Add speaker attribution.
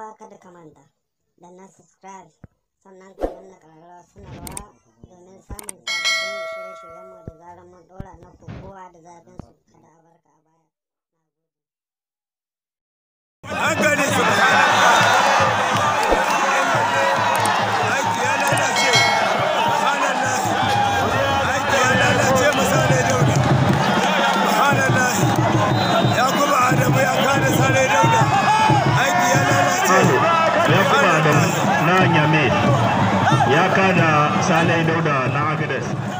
Speaker 1: fa kada ka manta da na subscribe sannan ka danna ƙararrawa sanarwa domin samun sabbin shirye-shiryenmu da zarar mun na kokowa
Speaker 2: da zafin su kada a barka a baya. Hankali
Speaker 3: Adamu ya kada sare Kano ya kuma da na Nyame ya
Speaker 4: kada Sale Dauda na Agades.